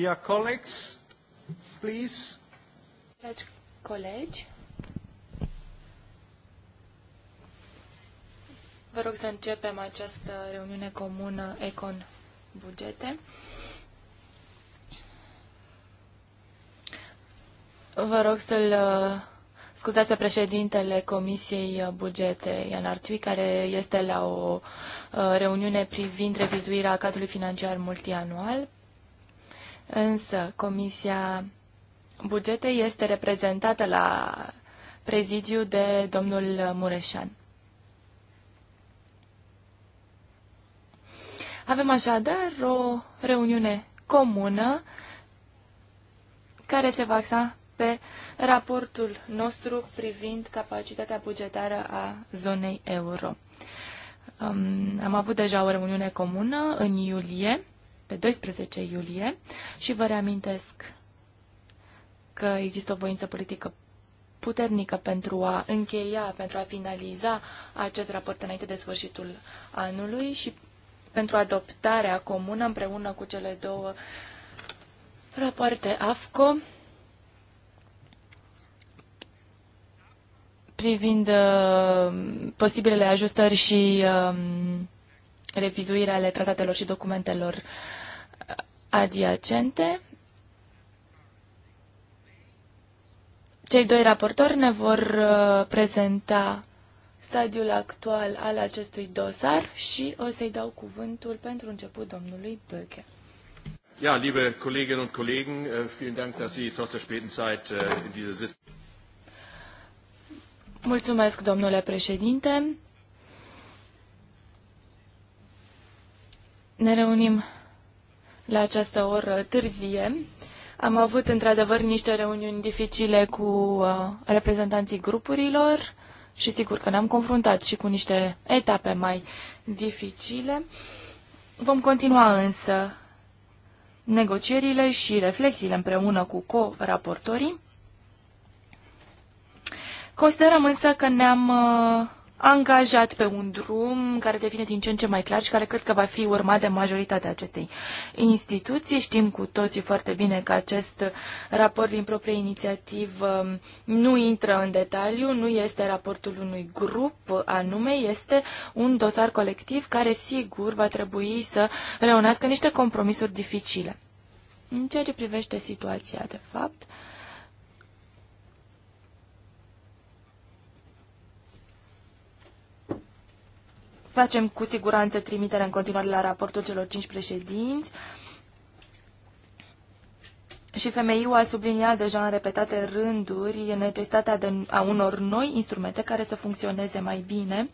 Dear colleagues, please. Dragi colegi, vă rog să începem această reuniune comună Econ Bugete. Vă rog să-l uh, scuzați pe președintele Comisiei Bugete, Ian Artui, care este la o uh, reuniune privind revizuirea cadrului financiar multianual Însă Comisia Bugete este reprezentată la prezidiu de domnul Mureșan. Avem așadar o reuniune comună care se va axa pe raportul nostru privind capacitatea bugetară a zonei euro. Um, am avut deja o reuniune comună în iulie pe 12 iulie și vă reamintesc că există o voință politică puternică pentru a încheia, pentru a finaliza acest raport înainte de sfârșitul anului și pentru adoptarea comună împreună cu cele două rapoarte AFCO privind uh, posibilele ajustări și uh, revizuirea ale tratatelor și documentelor uh, adiacente. Cei doi raportori ne vor uh, prezenta stadiul actual al acestui dosar și o să-i dau cuvântul pentru început domnului Böke. Ja, liebe Kolleginnen und Kollegen, äh, vielen Dank, dass Sie trotz der späten Zeit äh, in diese Sitzung. Mulțumesc, domnule președinte. Ne reunim la această oră târzie. Am avut într-adevăr niște reuniuni dificile cu uh, reprezentanții grupurilor și sigur că ne-am confruntat și cu niște etape mai dificile. Vom continua însă negocierile și reflexiile împreună cu co-raportorii. Considerăm însă că ne-am uh, angajat pe un drum care devine din ce în ce mai clar și care cred că va fi urmat de majoritatea acestei instituții. Știm cu toții foarte bine că acest raport din proprie inițiativă nu intră în detaliu, nu este raportul unui grup anume, este un dosar colectiv care sigur va trebui să reunească niște compromisuri dificile. În ceea ce privește situația, de fapt, uh, Facem cu siguranță trimitere în continuare la raportul celor cinci președinți. Și femeiul a subliniat deja în repetate rânduri necesitatea de, a unor noi instrumente care să funcționeze mai bine,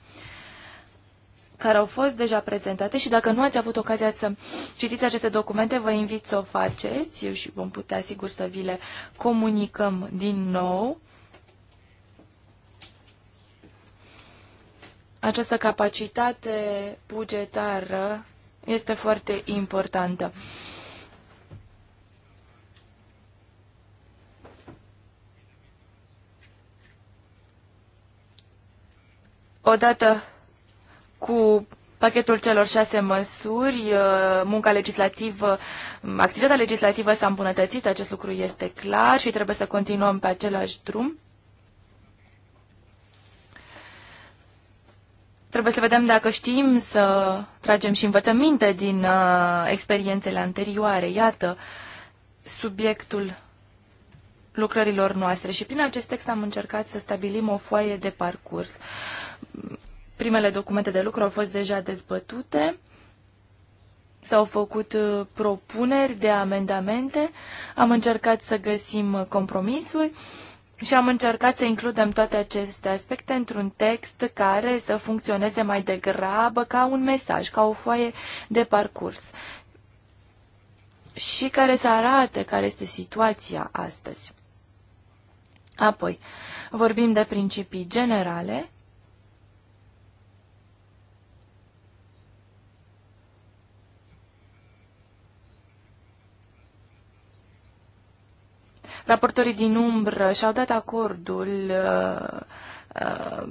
care au fost deja prezentate și dacă nu ați avut ocazia să citiți aceste documente, vă invit să o faceți Eu și vom putea sigur să vi le comunicăm din nou. Această capacitate bugetară este foarte importantă. Odată cu pachetul celor șase măsuri, uh, munca legislativă, activitatea legislativă s-a îmbunătățit, acest lucru este clar și trebuie să continuăm pe același drum. Trebuie să vedem dacă știm să tragem și minte din uh, experiențele anterioare. Iată subiectul lucrărilor noastre și prin acest text am încercat să stabilim o foaie de parcurs. Primele documente de lucru au fost deja dezbătute, s-au făcut uh, propuneri de amendamente, am încercat să găsim compromisuri și am încercat să includem toate aceste aspecte într-un text care să funcționeze mai degrabă ca un mesaj, ca o foaie de parcurs și care să arate care este situația astăzi. Apoi, vorbim de principii generale raportorii din umbră și-au dat acordul uh, uh,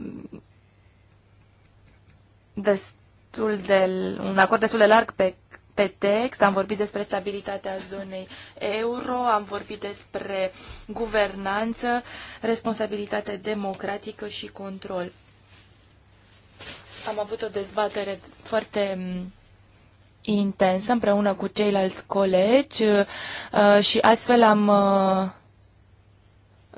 destul de, un acord destul de larg pe pe text, am vorbit despre stabilitatea zonei euro, am vorbit despre guvernanță, responsabilitate democratică și control. Am avut o dezbatere foarte intensă împreună cu ceilalți colegi uh, și astfel am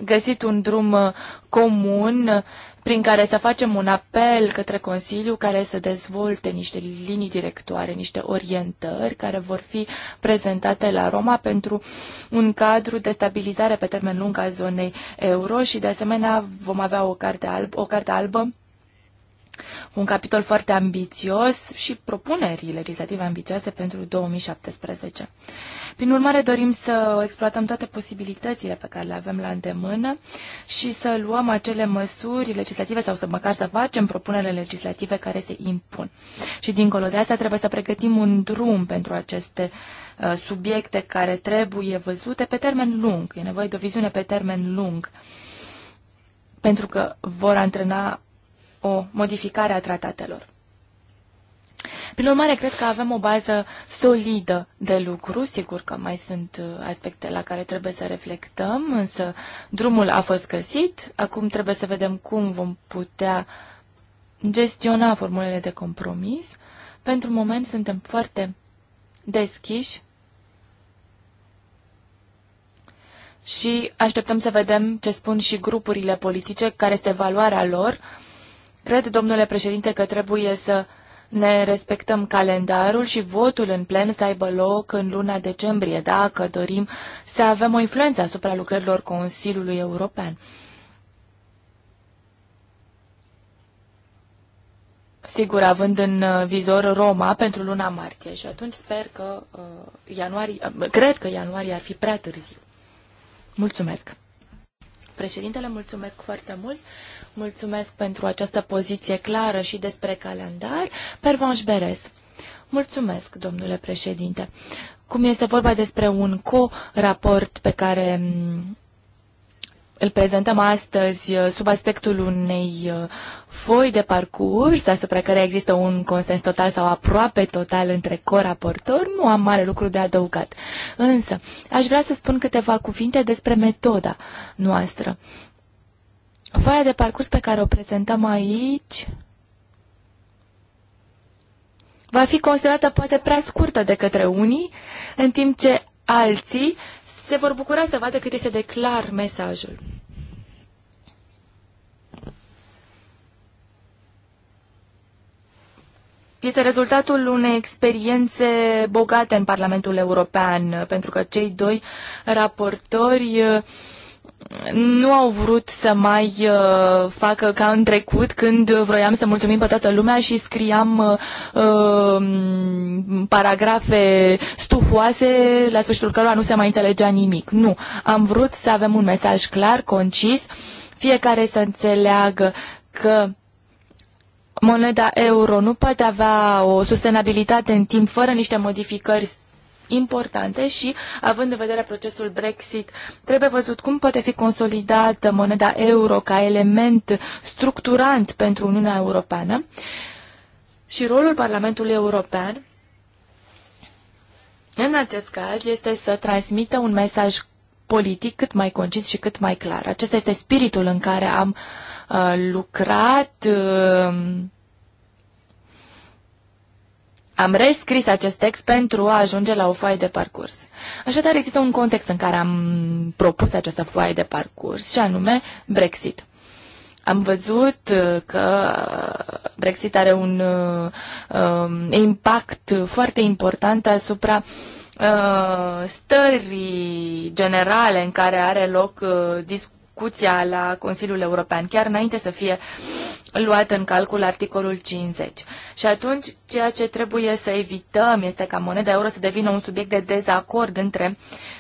găsit un drum uh, comun uh, prin care să facem un apel către Consiliu care să dezvolte niște linii directoare, niște orientări care vor fi prezentate la Roma pentru un cadru de stabilizare pe termen lung a zonei euro și de asemenea vom avea o carte, albă, o carte albă un capitol foarte ambițios și propuneri legislative ambițioase pentru 2017. Prin urmare, dorim să exploatăm toate posibilitățile pe care le avem la îndemână și să luăm acele măsuri legislative sau să măcar să facem propunerile legislative care se impun. Și dincolo de asta trebuie să pregătim un drum pentru aceste uh, subiecte care trebuie văzute pe termen lung. E nevoie de o viziune pe termen lung pentru că vor antrena o modificare a tratatelor. Prin urmare, cred că avem o bază solidă de lucru. Sigur că mai sunt uh, aspecte la care trebuie să reflectăm, însă drumul a fost găsit. Acum trebuie să vedem cum vom putea gestiona formulele de compromis. Pentru moment suntem foarte deschiși și așteptăm să vedem ce spun și grupurile politice, care este valoarea lor Cred, domnule președinte, că trebuie să ne respectăm calendarul și votul în plen să aibă loc în luna decembrie, dacă dorim să avem o influență asupra lucrărilor Consiliului European. Sigur, având în uh, vizor Roma pentru luna martie și atunci sper că uh, ianuarie, uh, cred că ianuarie ar fi prea târziu. Mulțumesc! Președintele, mulțumesc foarte mult. Mulțumesc pentru această poziție clară și despre calendar. Pervanș Berez. Mulțumesc, domnule președinte. Cum este vorba despre un co-raport pe care îl prezentăm astăzi uh, sub aspectul unei uh, foi de parcurs, asupra care există un consens total sau aproape total între coraportori, nu am mare lucru de adăugat. Însă, aș vrea să spun câteva cuvinte despre metoda noastră. Foaia de parcurs pe care o prezentăm aici va fi considerată poate prea scurtă de către unii, în timp ce alții se vor bucura să vadă cât este de clar mesajul. Este rezultatul unei experiențe bogate în Parlamentul European, pentru că cei doi raportori uh, nu au vrut să mai uh, facă ca în trecut când vroiam să mulțumim pe toată lumea și scriam uh, um, paragrafe stufoase la sfârșitul cărora nu se mai înțelegea nimic. Nu, am vrut să avem un mesaj clar, concis, fiecare să înțeleagă că moneda euro nu poate avea o sustenabilitate în timp fără niște modificări importante și, având în vedere procesul Brexit, trebuie văzut cum poate fi consolidată moneda euro ca element structurant pentru Uniunea Europeană și rolul Parlamentului European în acest caz este să transmită un mesaj politic cât mai concis și cât mai clar. Acesta este spiritul în care am uh, lucrat. Uh, am rescris acest text pentru a ajunge la o foaie de parcurs. Așadar, există un context în care am propus această foaie de parcurs, și anume Brexit. Am văzut uh, că Brexit are un uh, um, impact foarte important asupra uh, stării generale în care are loc uh, discuția discuția la Consiliul European, chiar înainte să fie luat în calcul articolul 50. Și atunci, ceea ce trebuie să evităm este ca moneda euro să devină un subiect de dezacord între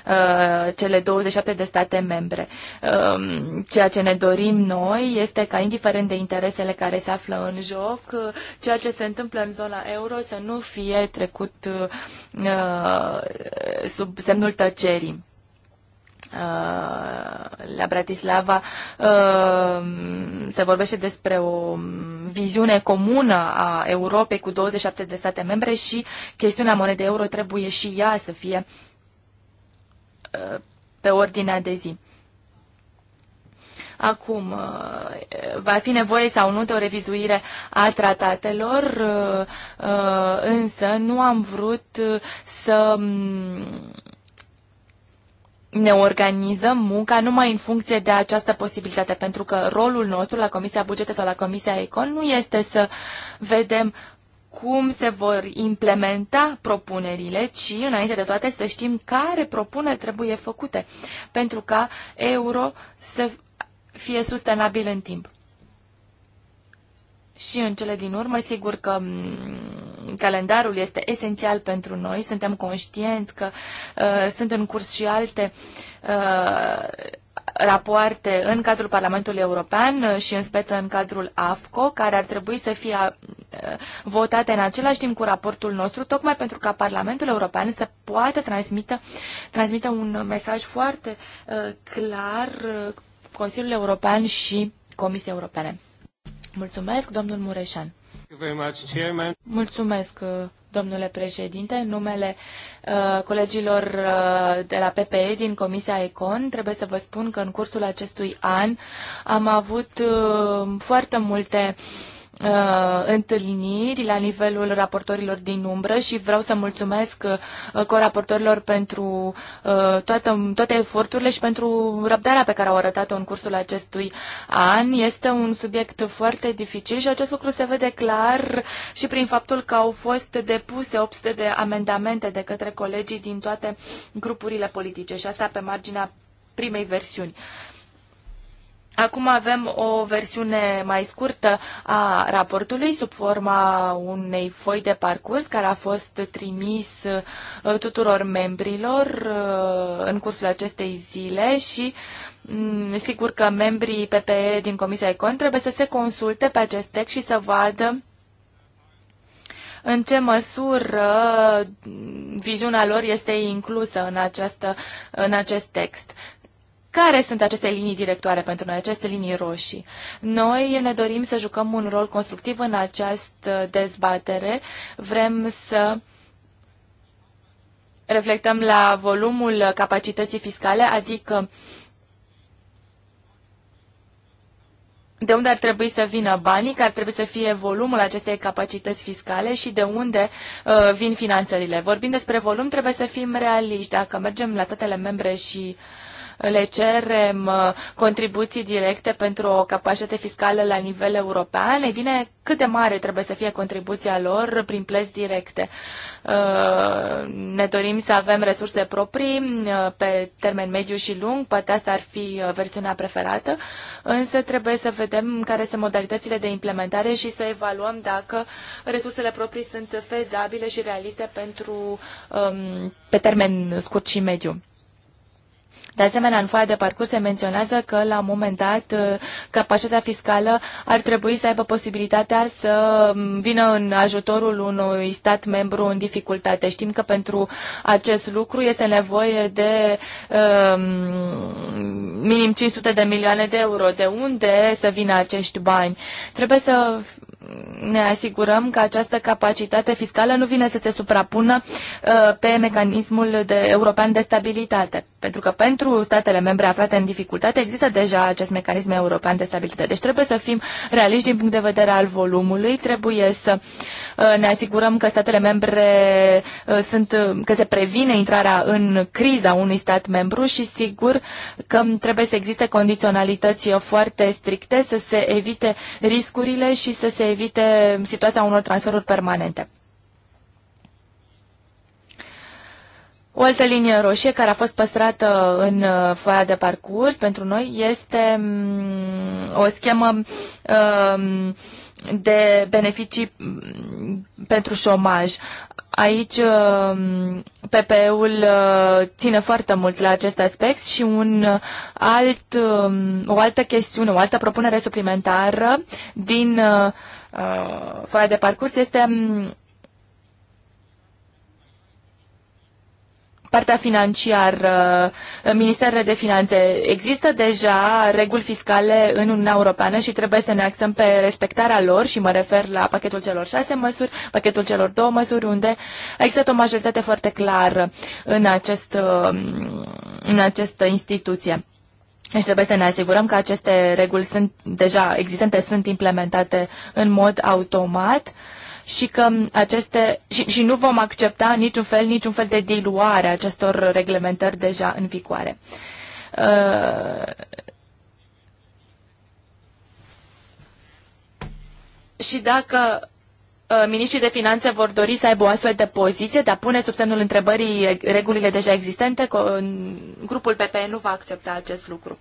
uh, cele 27 de state membre. Uh, ceea ce ne dorim noi este ca, indiferent de interesele care se află în joc, uh, ceea ce se întâmplă în zona euro să nu fie trecut uh, uh sub semnul tăcerii. Uh, la Bratislava uh, se vorbește despre o viziune comună a Europei cu 27 de state membre și chestiunea monedei euro trebuie și ea să fie uh, pe ordinea de zi. Acum, va fi nevoie sau nu de o revizuire a tratatelor, însă nu am vrut să mm, ne organizăm munca numai în funcție de această posibilitate, pentru că rolul nostru la Comisia Bugete sau la Comisia Econ nu este să vedem cum se vor implementa propunerile, ci înainte de toate să știm care propuneri trebuie făcute pentru ca euro să fie sustenabil în timp. Și în cele din urmă, sigur că mm, calendarul este esențial pentru noi, suntem conștienți că uh, sunt în curs și alte uh, rapoarte în cadrul Parlamentului European uh, și în speță în cadrul AFCO, care ar trebui să fie uh, votate în același timp cu raportul nostru, tocmai pentru ca Parlamentul European să poată transmită, transmită un mesaj foarte uh, clar uh, Consiliul European și Comisia Europene. Mulțumesc, domnul Mureșan. Mulțumesc, uh, domnule președinte. În numele uh, colegilor uh, de la PPE din Comisia Econ, trebuie să vă spun că în cursul acestui an am avut uh, foarte multe uh, uh, întâlniri la nivelul raportorilor din umbră și vreau să mulțumesc uh, coraportorilor pentru uh, toată, toate eforturile și pentru răbdarea pe care au arătat-o în cursul acestui an. Este un subiect foarte dificil și acest lucru se vede clar și prin faptul că au fost depuse 800 de amendamente de către colegii din toate grupurile politice și asta pe marginea primei versiuni. Uh, Acum avem o versiune mai scurtă a raportului sub forma unei foi de parcurs care a fost trimis uh, tuturor membrilor uh, în cursul acestei zile și mm, sigur că membrii PPE din Comisia Econ trebuie să se consulte pe acest text și să vadă în ce măsură mm, viziunea lor este inclusă în, această, în acest text. Care sunt aceste linii directoare pentru noi, aceste linii roșii? Noi ne dorim să jucăm un rol constructiv în această dezbatere. Vrem să reflectăm la volumul capacității fiscale, adică de unde ar trebui să vină banii, care ar trebui să fie volumul acestei capacități fiscale și de unde uh, vin finanțările. Vorbind despre volum, trebuie să fim realiști. Dacă mergem la statele membre și uh, le cerem uh, contribuții directe pentru o capacitate fiscală la nivel european, e bine, cât de mare trebuie să fie contribuția lor prin plăți directe. Uh, ne dorim să avem resurse proprii uh, pe termen mediu și lung, poate asta ar fi versiunea preferată, însă trebuie să vedem care sunt modalitățile de implementare și să evaluăm dacă resursele proprii sunt fezabile și realiste pentru, um, pe termen scurt și mediu. De asemenea, în foaia de parcurs se menționează că, la un moment dat, uh, capacitatea fiscală ar trebui să aibă posibilitatea să um, vină în ajutorul unui stat membru în dificultate. Știm că pentru acest lucru este nevoie de um, minim 500 de milioane de euro. De unde să vină acești bani? Trebuie să ne asigurăm că această capacitate fiscală nu vine să se suprapună uh, pe mecanismul de, european de stabilitate. Pentru că pentru statele membre aflate în dificultate există deja acest mecanism european de stabilitate. Deci trebuie să fim realiști din punct de vedere al volumului, trebuie să uh, ne asigurăm că statele membre uh, sunt, că se previne intrarea în criza unui stat membru și sigur că trebuie să existe condiționalități foarte stricte, să se evite riscurile și să se evite evite situația unor transferuri permanente. O altă linie roșie care a fost păstrată în uh, foaia de parcurs pentru noi este mm, o schemă um, de beneficii mm, pentru șomaj. Aici um, PPE-ul uh, ține foarte mult la acest aspect și un alt, um, o altă chestiune, o altă propunere suplimentară din uh, uh, foaia de parcurs este mm, partea financiară, uh, Ministerele de Finanțe. Există deja reguli fiscale în Uniunea Europeană și trebuie să ne axăm pe respectarea lor și mă refer la pachetul celor șase măsuri, pachetul celor două măsuri, unde există o majoritate foarte clară în, acest, uh, în această instituție și trebuie să ne asigurăm că aceste reguli sunt deja existente, sunt implementate în mod automat și că aceste și, și nu vom accepta niciun fel, niciun fel de diluare a acestor reglementări deja în vigoare. Uh, și dacă Uh, ministrii de Finanțe vor dori să aibă o astfel de poziție, dar pune sub semnul întrebării regulile deja existente. Grupul PPE nu va accepta acest lucru.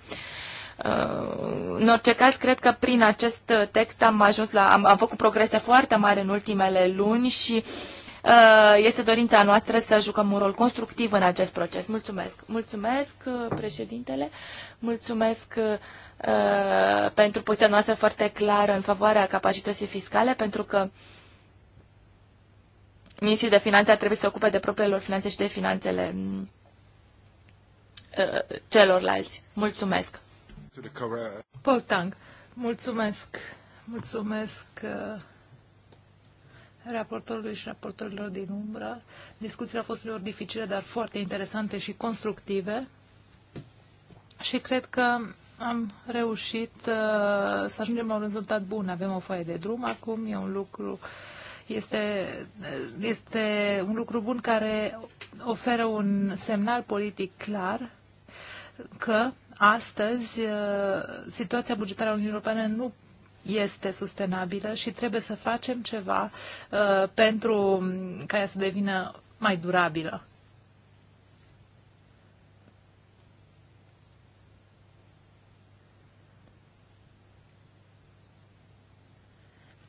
Uh, în orice caz, cred că prin acest text am ajuns la. am, am făcut progrese foarte mari în ultimele luni și uh, este dorința noastră să jucăm un rol constructiv în acest proces. Mulțumesc. Mulțumesc, președintele. Mulțumesc pentru poziția noastră foarte clară în favoarea capacității fiscale, pentru că uh, ministrii de finanțe ar trebui să se ocupe de propriile lor finanțe și de finanțele mm, uh, celorlalți. Mulțumesc! Paul Tang, mulțumesc! Mulțumesc uh, raportorului și raportorilor din umbră. Discuțiile au fost lor dificile, dar foarte interesante și constructive. Și cred că am reușit uh, să ajungem la un rezultat bun. Avem o foaie de drum acum, e un lucru uh, este, este un lucru bun care oferă un semnal politic clar că astăzi uh, situația bugetară a Uniunii Europene nu este sustenabilă și trebuie să facem ceva uh, pentru ca ea să devină mai durabilă.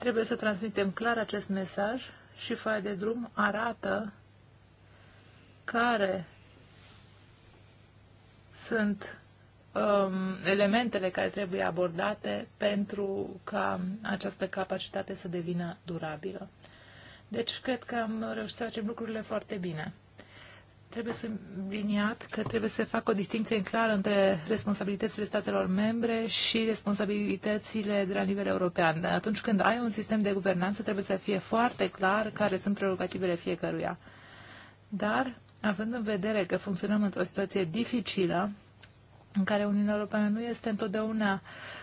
Trebuie să transmitem clar acest mesaj și foaia de drum arată care sunt um, elementele care trebuie abordate pentru ca această capacitate să devină durabilă. Deci, cred că am reușit să facem lucrurile foarte bine. Trebuie subliniat că trebuie să facă o distinție clară între responsabilitățile statelor membre și responsabilitățile de la nivel european. Atunci când ai un sistem de guvernanță, trebuie să fie foarte clar care sunt prerogativele fiecăruia. Dar, având în vedere că funcționăm într-o situație dificilă, în care Uniunea Europeană nu este întotdeauna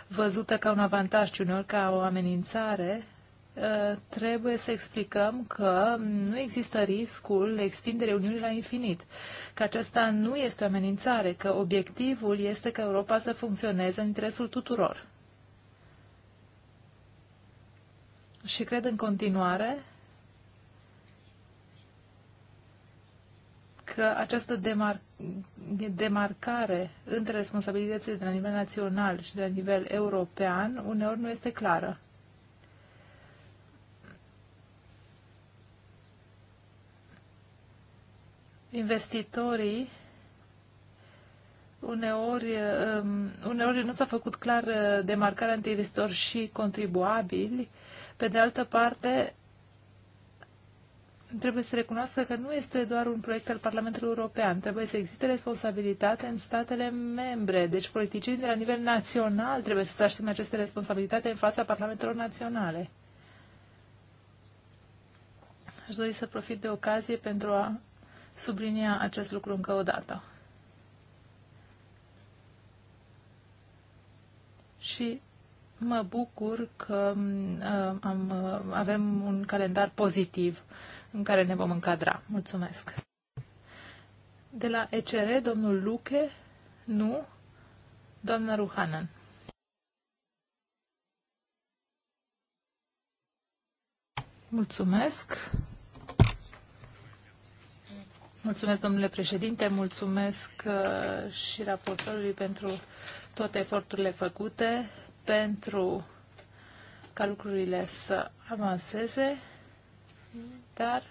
văzută ca un avantaj, ci uneori ca o amenințare, Uh, trebuie să explicăm că nu există riscul extinderii Uniunii la infinit, că aceasta nu este o amenințare, că obiectivul este ca Europa să funcționeze în interesul tuturor. Și cred în continuare că această demar demarcare între responsabilitățile de la nivel național și de la nivel european uneori nu este clară. investitorii uneori, um, uneori nu s-a făcut clar uh, demarcarea între investitori și contribuabili. Pe de altă parte, trebuie să recunoască că nu este doar un proiect al Parlamentului European. Trebuie să existe responsabilitate în statele membre. Deci politicienii de la nivel național trebuie să asume aceste responsabilitate în fața Parlamentelor naționale. Aș dori să profit de ocazie pentru a sublinia acest lucru încă o dată. Și mă bucur că uh, am, uh, avem un calendar pozitiv în care ne vom încadra. Mulțumesc. De la ECR, domnul Luche, nu, doamna Ruhanan. Mulțumesc. Mulțumesc, domnule președinte, mulțumesc uh, și raportorului pentru toate eforturile făcute, pentru ca lucrurile să avanseze, dar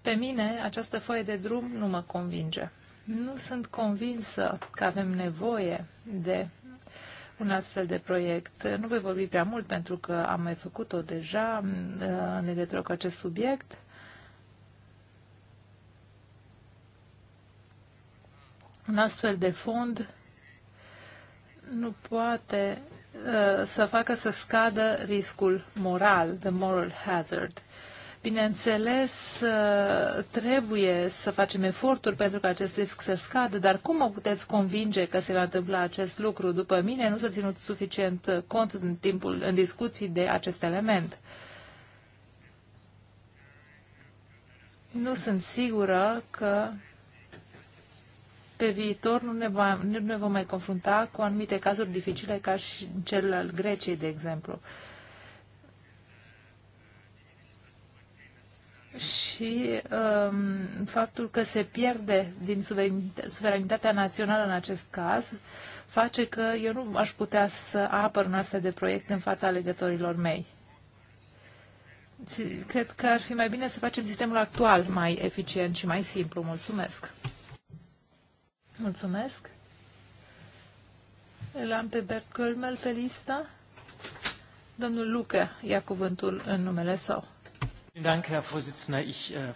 pe mine această foaie de drum nu mă convinge. Nu sunt convinsă că avem nevoie de un astfel de proiect. Nu voi vorbi prea mult pentru că am mai făcut-o deja uh, în legătură cu acest subiect. Un astfel de fond nu poate uh, să facă să scadă riscul moral, the moral hazard. Bineînțeles, uh, trebuie să facem eforturi pentru că acest risc să scadă, dar cum mă puteți convinge că se va întâmpla acest lucru? După mine, nu s-a ținut suficient cont în timpul în discuții de acest element. Nu sunt sigură că pe viitor nu ne, va, nu ne vom mai confrunta cu anumite cazuri dificile ca și cel al Greciei, de exemplu. și um, faptul că se pierde din suveranitatea națională în acest caz face că eu nu aș putea să apăr un astfel de proiect în fața alegătorilor mei. Cred că ar fi mai bine să facem sistemul actual mai eficient și mai simplu. Mulțumesc! Mulțumesc. Îl am pe Bert Kölmel pe listă. Domnul Luca ia cuvântul în numele său. Äh,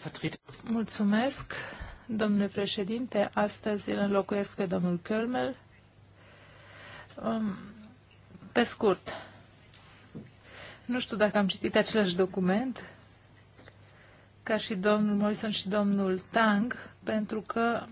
Mulțumesc, domnule președinte. Astăzi îl înlocuiesc pe domnul Kölmel. Um, pe scurt, nu știu dacă am citit același document ca și domnul Morrison și domnul Tang, pentru că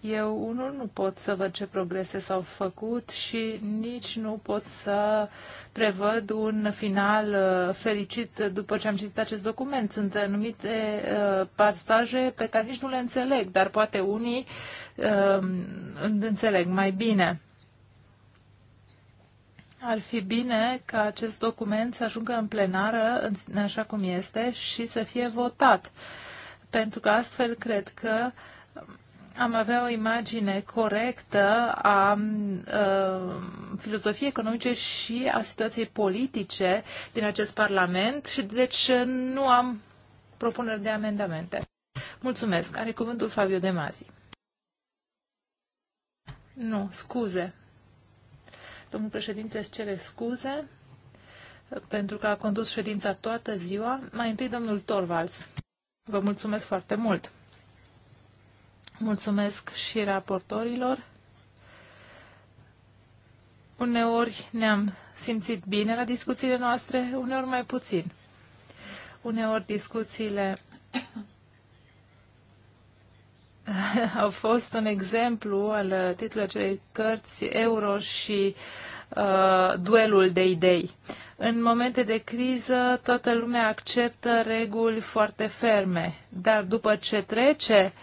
eu, unul, nu pot să văd ce progrese s-au făcut și nici nu pot să prevăd un final uh, fericit după ce am citit acest document. Sunt anumite uh, pasaje pe care nici nu le înțeleg, dar poate unii um, înțeleg mai bine. Ar fi bine ca acest document să ajungă în plenară, așa cum este, și să fie votat. Pentru că astfel cred că am avea o imagine corectă a a uh, filozofiei economice și a situației politice din acest Parlament și deci nu am propuneri de amendamente. Mulțumesc. Are cuvântul Fabio De Mazi. Nu, scuze. Domnul președinte îți cere scuze pentru că a condus ședința toată ziua. Mai întâi domnul Torvalds. Vă mulțumesc foarte mult. Mulțumesc și raportorilor. Uneori ne-am simțit bine la discuțiile noastre, uneori mai puțin. Uneori discuțiile au fost un exemplu al titlului acelei cărți Euro și uh, duelul de idei. În momente de criză, toată lumea acceptă reguli foarte ferme, dar după ce trece uh,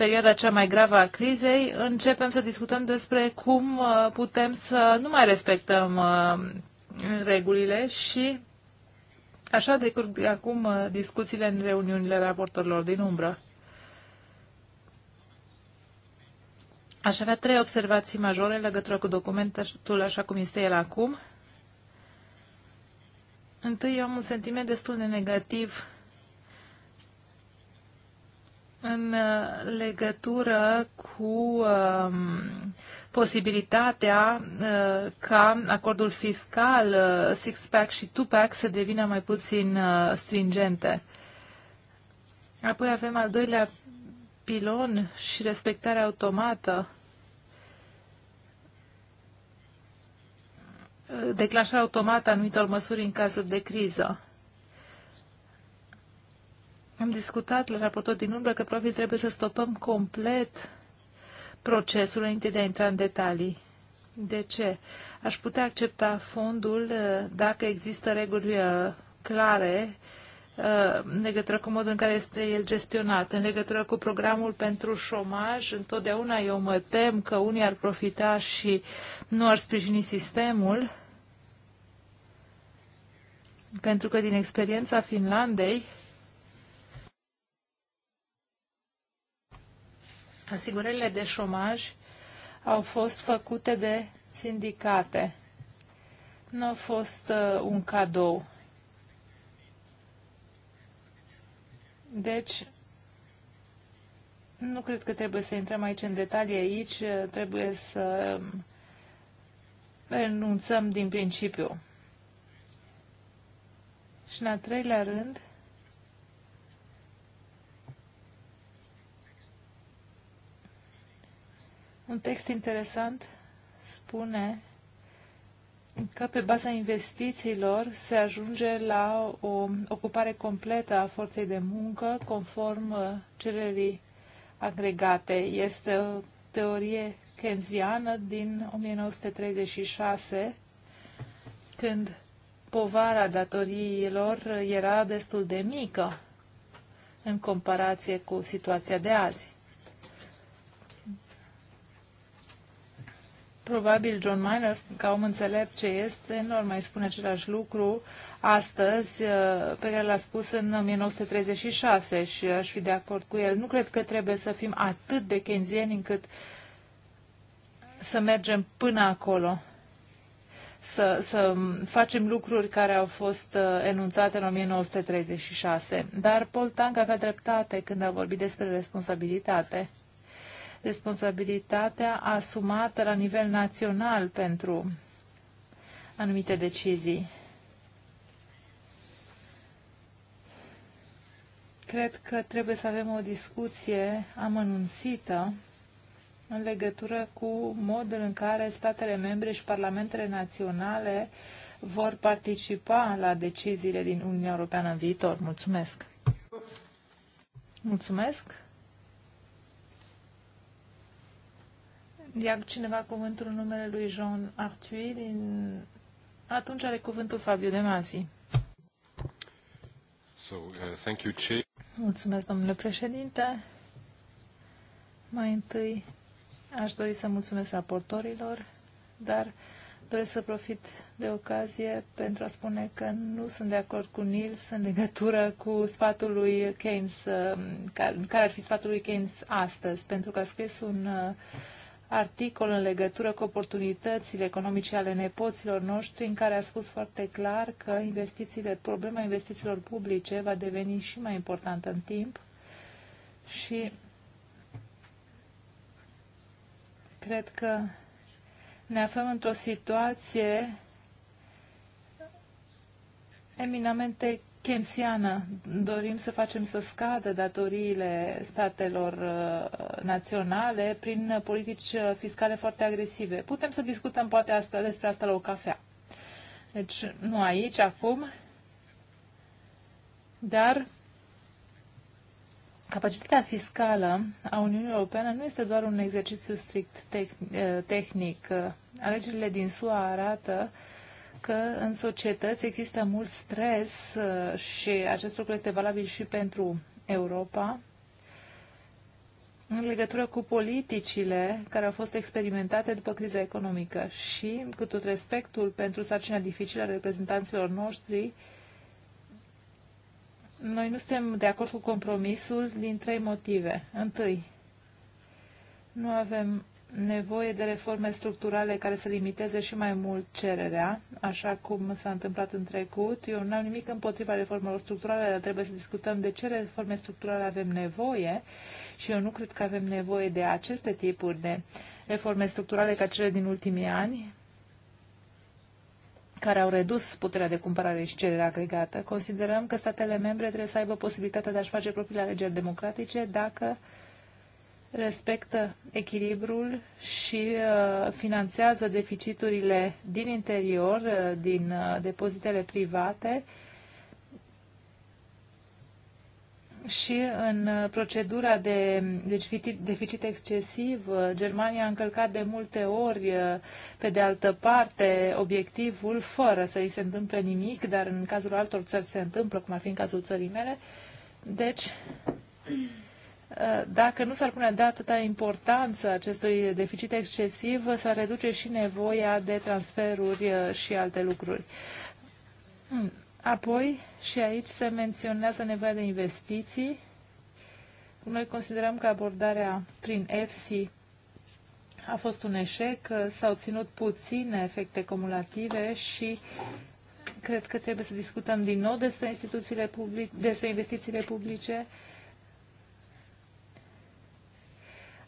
perioada cea mai gravă a crizei, începem să discutăm despre cum uh, putem să nu mai respectăm uh, regulile și așa decurg acum uh, discuțiile în reuniunile raportorilor din umbră. Aș avea trei observații majore în legătură cu documentul așa cum este el acum. Întâi, eu am un sentiment destul de negativ în uh, legătură cu um, posibilitatea uh, ca acordul fiscal uh, six-pack și two-pack să devină mai puțin uh, stringente. Apoi avem al doilea pilon și respectarea automată. Declanșarea automată a anumitor măsuri în cazul de criză. Am discutat la raportul din umbră că probabil trebuie să stopăm complet procesul înainte de a intra în detalii. De ce? Aș putea accepta fondul uh, dacă există reguli uh, clare uh, în legătură cu modul în care este el gestionat, în legătură cu programul pentru șomaj, întotdeauna eu mă tem că unii ar profita și nu ar sprijini sistemul, pentru că din experiența Finlandei, Asigurările de șomaj au fost făcute de sindicate. Nu a fost uh, un cadou. Deci, nu cred că trebuie să intrăm aici în detalii. Aici uh, trebuie să um, renunțăm din principiu. Și în al treilea rând, Un text interesant spune că pe baza investițiilor se ajunge la o ocupare completă a forței de muncă conform uh, cererii agregate. Este o teorie kenziană din 1936, când povara datoriilor era destul de mică în comparație cu situația de azi. Probabil John Miner, ca om înțelept ce este, nu ar mai spune același lucru astăzi uh, pe care l-a spus în 1936 și aș fi de acord cu el. Nu cred că trebuie să fim atât de kenzieni încât să mergem până acolo, să, să facem lucruri care au fost uh, enunțate în 1936. Dar Paul Tank avea dreptate când a vorbit despre responsabilitate responsabilitatea asumată la nivel național pentru anumite decizii. Cred că trebuie să avem o discuție amănunțită în legătură cu modul în care statele membre și parlamentele naționale vor participa la deciziile din Uniunea Europeană în viitor. Mulțumesc! Mulțumesc! ia cineva cuvântul în numele lui Jean Arthuis din... Atunci are cuvântul Fabio De Masi. So, uh, thank you, Chief. Mulțumesc, domnule președinte. Mai întâi aș dori să mulțumesc raportorilor, dar doresc să profit de ocazie pentru a spune că nu sunt de acord cu Nils în legătură cu sfatul lui Keynes, um, care ar fi sfatul lui Keynes astăzi, pentru că a scris un uh, articol în legătură cu oportunitățile economice ale nepoților noștri, în care a spus foarte clar că investițiile, problema investițiilor publice va deveni și mai importantă în timp și cred că ne aflăm într-o situație eminamente keynesiană. Dorim să facem să scadă datoriile statelor uh, naționale prin uh, politici uh, fiscale foarte agresive. Putem să discutăm poate asta, despre asta la o cafea. Deci nu aici, acum, dar capacitatea fiscală a Uniunii Europene nu este doar un exercițiu strict tehnic. Alegerile din SUA arată că în societăți există mult stres uh, și acest lucru este valabil și pentru Europa în legătură cu politicile care au fost experimentate după criza economică și, cu tot respectul pentru sarcina dificilă a reprezentanților noștri, noi nu suntem de acord cu compromisul din trei motive. Întâi, nu avem nevoie de reforme structurale care să limiteze și mai mult cererea, așa cum s-a întâmplat în trecut. Eu nu am nimic împotriva reformelor structurale, dar trebuie să discutăm de ce reforme structurale avem nevoie și eu nu cred că avem nevoie de aceste tipuri de reforme structurale ca cele din ultimii ani, care au redus puterea de cumpărare și cererea agregată. Considerăm că statele membre trebuie să aibă posibilitatea de a-și face propriile alegeri democratice dacă uh, respectă echilibrul și uh, finanțează deficiturile din interior, uh, din uh, depozitele private și în procedura de deficit, deficit excesiv, Germania a încălcat de multe ori, pe de altă parte, obiectivul fără să îi se întâmple nimic, dar în cazul altor țări se întâmplă, cum ar fi în cazul țării mele. Deci, dacă nu s-ar pune de atâta importanță acestui deficit excesiv, s-ar reduce și nevoia de transferuri uh, și alte lucruri. Hmm. Apoi, și aici se menționează nevoia de investiții. Noi considerăm că abordarea prin EFSI a fost un eșec, uh, s-au obținut puține efecte cumulative și cred că trebuie să discutăm din nou despre instituțiile publice, despre investițiile publice,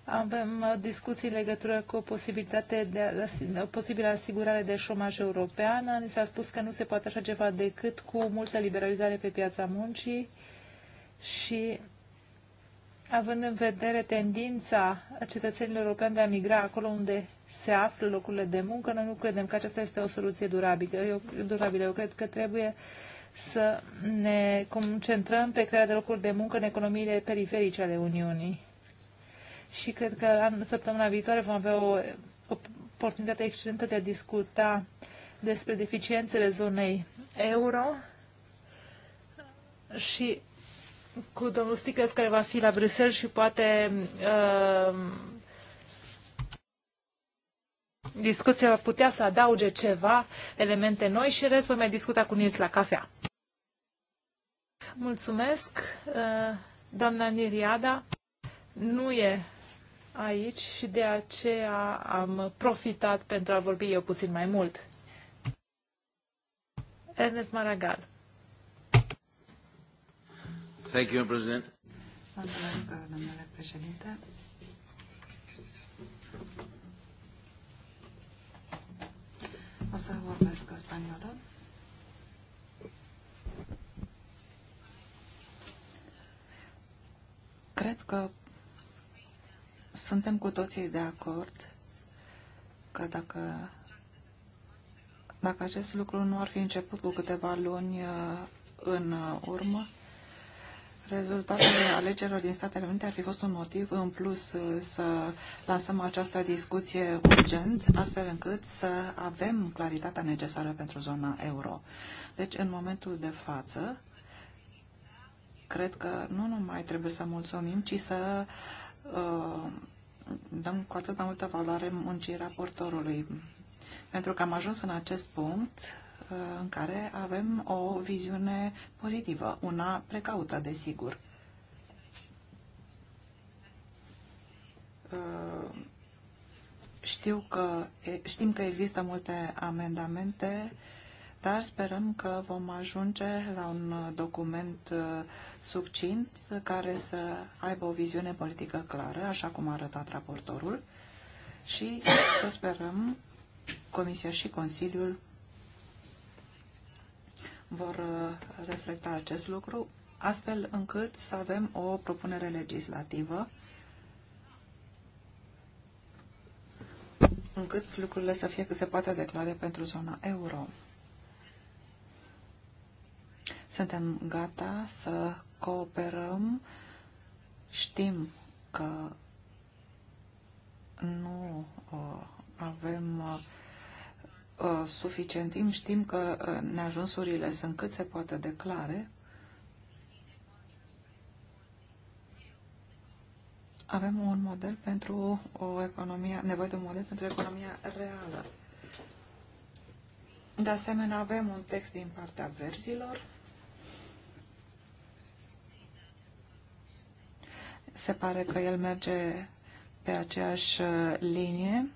Avem uh, discuții în legătură cu o, posibilitate de, o uh, posibilă asigurare de șomaj european. Ni s-a spus că nu se poate așa ceva decât cu multă liberalizare pe piața muncii și având în vedere tendința cetățenilor europeni de a migra acolo unde se află locurile de muncă, noi nu credem că aceasta este o soluție durabilă. Eu, durabilă. Eu cred că trebuie să ne concentrăm pe crearea de locuri de muncă în economiile periferice ale Uniunii și cred că în săptămâna viitoare vom avea o oportunitate excelentă de a discuta despre deficiențele zonei euro și cu domnul Sticăs care va fi la Bruxelles și poate uh, discuția va putea să adauge ceva, elemente noi și rest voi mai discuta cu Nils la cafea. Mulțumesc, uh, doamna Niriada. Nu e aici și de aceea am profitat pentru a vorbi eu puțin mai mult. Ernest Maragal. Thank you, President. Mulțumesc, domnule președinte. O să vorbesc spaniolă. Cred că suntem cu toții de acord că dacă, dacă acest lucru nu ar fi început cu câteva luni uh, în uh, urmă, rezultatele alegerilor din Statele Unite ar fi fost un motiv în plus uh, să lansăm această discuție urgent, astfel încât să avem claritatea necesară pentru zona euro. Deci, în momentul de față, cred că nu numai trebuie să mulțumim, ci să uh, dăm cu atât mai multă valoare muncii raportorului. Pentru că am ajuns în acest punct uh, în care avem o viziune pozitivă, una precaută, desigur. Uh, știu că, știm că există multe amendamente uh, dar sperăm că vom ajunge la un document uh, succint care să aibă o viziune politică clară, așa cum a arătat raportorul, și să sperăm Comisia și Consiliul vor uh, reflecta acest lucru, astfel încât să avem o propunere legislativă încât lucrurile să fie cât se poate declare pentru zona euro. Suntem gata să cooperăm. Știm că nu uh, avem uh, uh, suficient timp. Știm că neajunsurile sunt cât se poate declare. Avem un model pentru o economie, nevoie de un model pentru economia reală. De asemenea, avem un text din partea verzilor Se pare că el merge pe aceeași uh, linie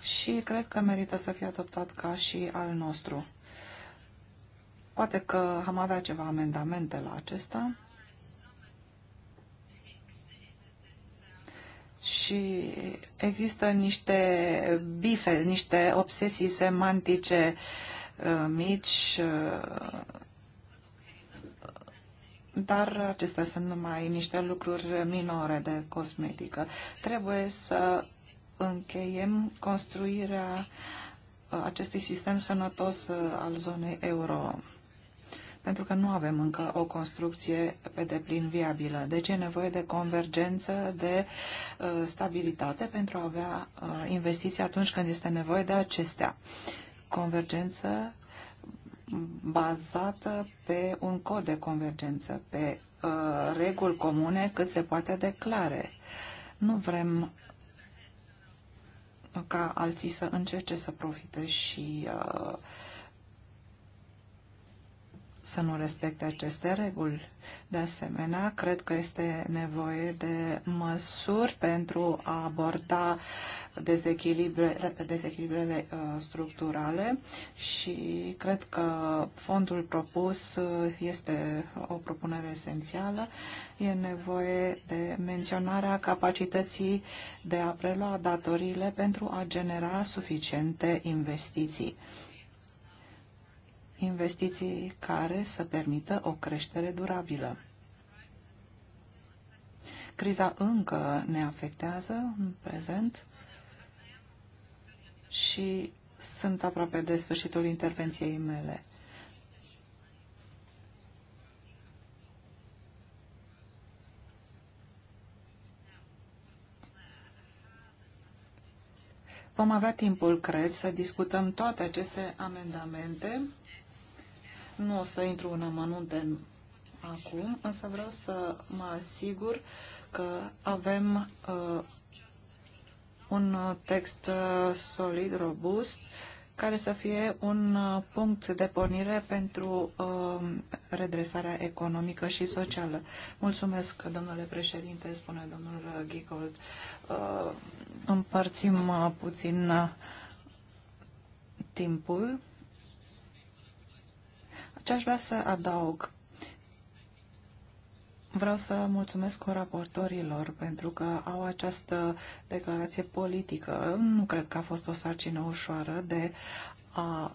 și cred că merită să fie adoptat ca și al nostru. Poate că am avea ceva amendamente la acesta. Și există niște bife, niște obsesii semantice uh, mici uh, dar acestea sunt numai niște lucruri minore de cosmetică. Trebuie să încheiem construirea acestui sistem sănătos uh, al zonei euro pentru că nu avem încă o construcție pe deplin viabilă. Deci e nevoie de convergență, de uh, stabilitate pentru a avea uh, investiții atunci când este nevoie de acestea. Convergență bazată pe un cod de convergență, pe uh, reguli comune cât se poate declare. Nu vrem ca alții să încerce să profite și uh, să nu respecte aceste reguli. De asemenea, cred că este nevoie de măsuri pentru a aborda dezechilibrele uh, structurale și cred că fondul propus uh, este o propunere esențială. E nevoie de menționarea capacității de a prelua datorile pentru a genera suficiente investiții investiții care să permită o creștere durabilă. Criza încă ne afectează în prezent și sunt aproape de sfârșitul intervenției mele. Vom avea timpul, cred, să discutăm toate aceste amendamente nu o să intru în amănunte acum, însă vreau să mă asigur că avem uh, un text uh, solid, robust, care să fie un uh, punct de pornire pentru uh, redresarea economică și socială. Mulțumesc, domnule președinte, spune domnul Ghicold. Uh, împărțim uh, puțin uh, timpul. Ce aș vrea să adaug? Vreau să mulțumesc raportorilor pentru că au această declarație politică. Nu cred că a fost o sarcină ușoară de a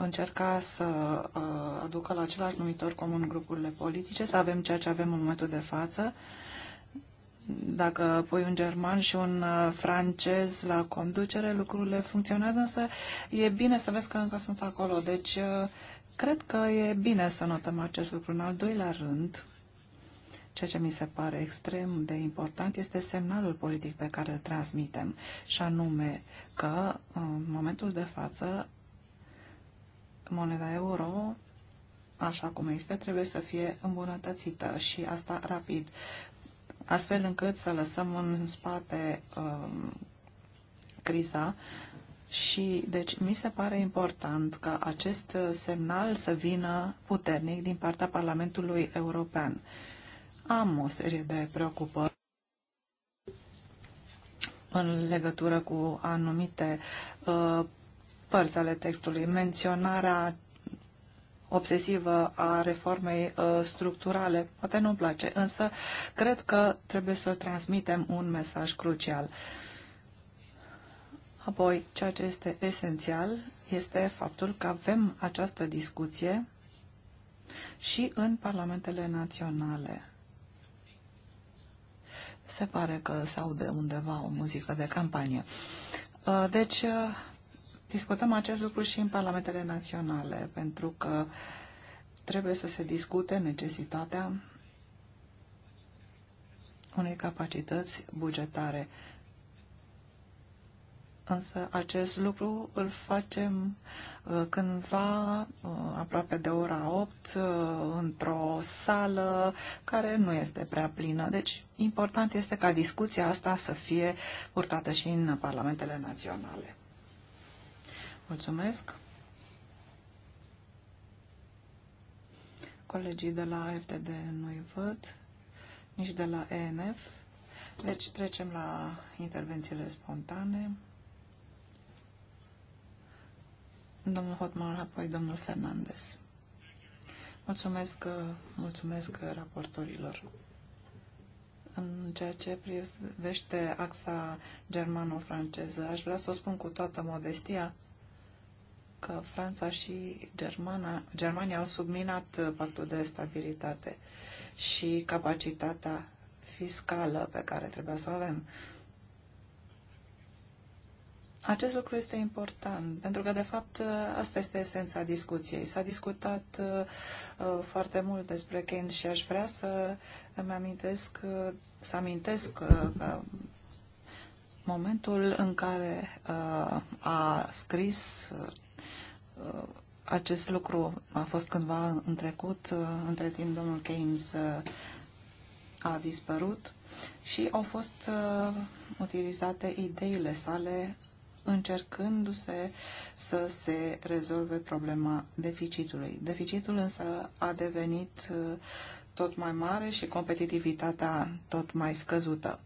încerca să aducă la același numitor comun grupurile politice, să avem ceea ce avem în momentul de față dacă pui un german și un uh, francez la conducere, lucrurile funcționează, însă e bine să vezi că încă sunt acolo. Deci, uh, cred că e bine să notăm acest lucru. În al doilea rând, Ceea ce mi se pare extrem de important este semnalul politic pe care îl transmitem, și anume că în momentul de față moneda euro, așa cum este, trebuie să fie îmbunătățită și asta rapid astfel încât să lăsăm în spate um, criza și, deci, mi se pare important ca acest semnal să vină puternic din partea Parlamentului European. Am o serie de preocupări în legătură cu anumite uh, părți ale textului. Menționarea obsesivă a reformei uh, structurale. Poate nu-mi place, însă cred că trebuie să transmitem un mesaj crucial. Apoi, ceea ce este esențial este faptul că avem această discuție și în parlamentele naționale. Se pare că se aude undeva o muzică de campanie. Uh, deci, uh, discutăm acest lucru și în parlamentele naționale, pentru că trebuie să se discute necesitatea unei capacități bugetare. Însă acest lucru îl facem uh, cândva, uh, aproape de ora 8, uh, într-o sală care nu este prea plină. Deci, important este ca discuția asta să fie purtată și în parlamentele naționale. Mulțumesc. Colegii de la FTD nu-i văd, nici de la ENF. Deci trecem la intervențiile spontane. Domnul Hotmar, apoi domnul Fernandez. Mulțumesc, mulțumesc raportorilor. În ceea ce privește axa germano-franceză, aș vrea să o spun cu toată modestia, că Franța și Germana, Germania au subminat uh, pactul de stabilitate și capacitatea fiscală pe care trebuia să o avem. Acest lucru este important, pentru că, de fapt, uh, asta este esența discuției. S-a discutat uh, uh, foarte mult despre Keynes și aș vrea să îmi amintesc, uh, să amintesc uh, momentul în care a scris Uh, acest lucru a fost cândva în trecut, uh, între timp domnul Keynes uh, a dispărut și au fost utilizate ideile sale încercându-se să se rezolve problema deficitului. Deficitul însă a devenit tot mai mare și competitivitatea tot mai scăzută.